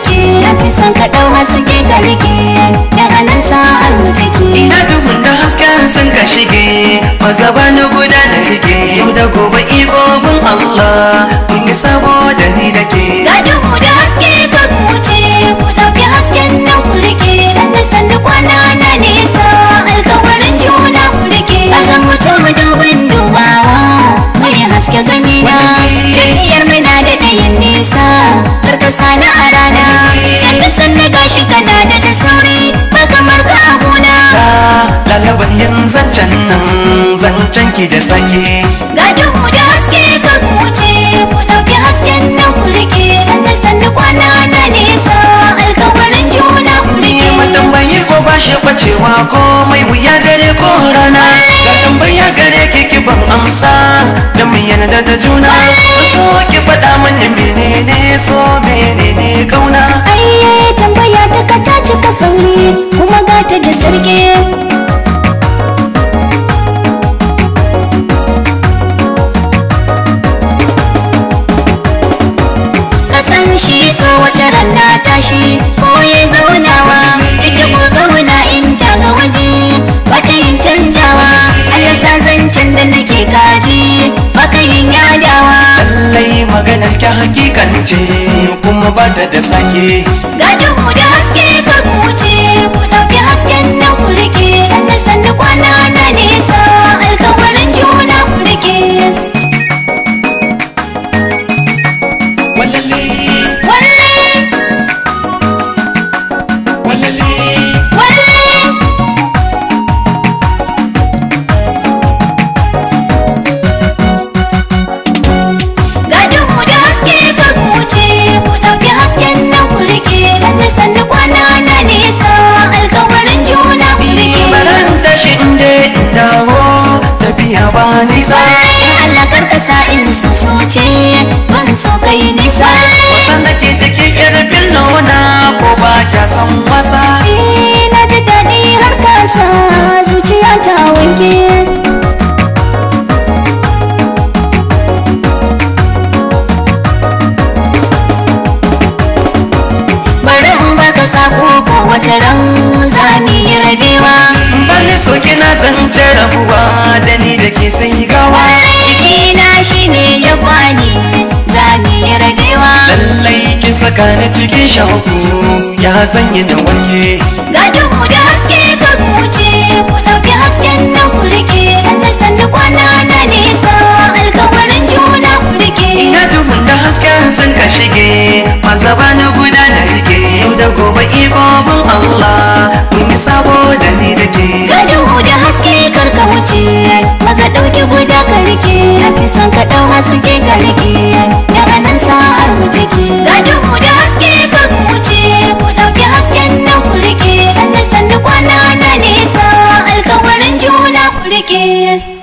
ciki na son ka ɗau haske ka rike daga nan sa'ar mu take ina duhun da hasken sun ka shige maza ba ni guda na rike yau da gobe iko bin Allah mun yi saboda ni da ke ga duhu da haske ka wuce ku ɗauki hasken na ku rike sannan sannu kwana na nesa alkawarin juna ku rike a zan mutu mu dubin dubawa mai haske gani na tafiyar mai saki da sake ga duhu da haske kan wuce ku dauki hasken nan kurki sannan sannan kwana na nisa alkawarin juna kurki rike ma tambayi ko ba shi bacewa ko mai wuya dare ko rana ga tambaya gare ki ki ban amsa ta hakikance kuma ba ta da sake nisa Allah sa in so so ce ban so kai nisa saka cikin shahuku ya sanye da wanke ga duhu da haske ka kuce ku ɗauki hasken na burge. sannan sannan kwana na nesa alkawarin juna burge. rike ina da hasken sun ka shige maza na guda na rike yau da gobe iko bin Allah mun yi sabo da ni da ke ga duhu da haske kar wuce maza ɗauki guda ka rike na fi son ka ɗau haske ka rike again.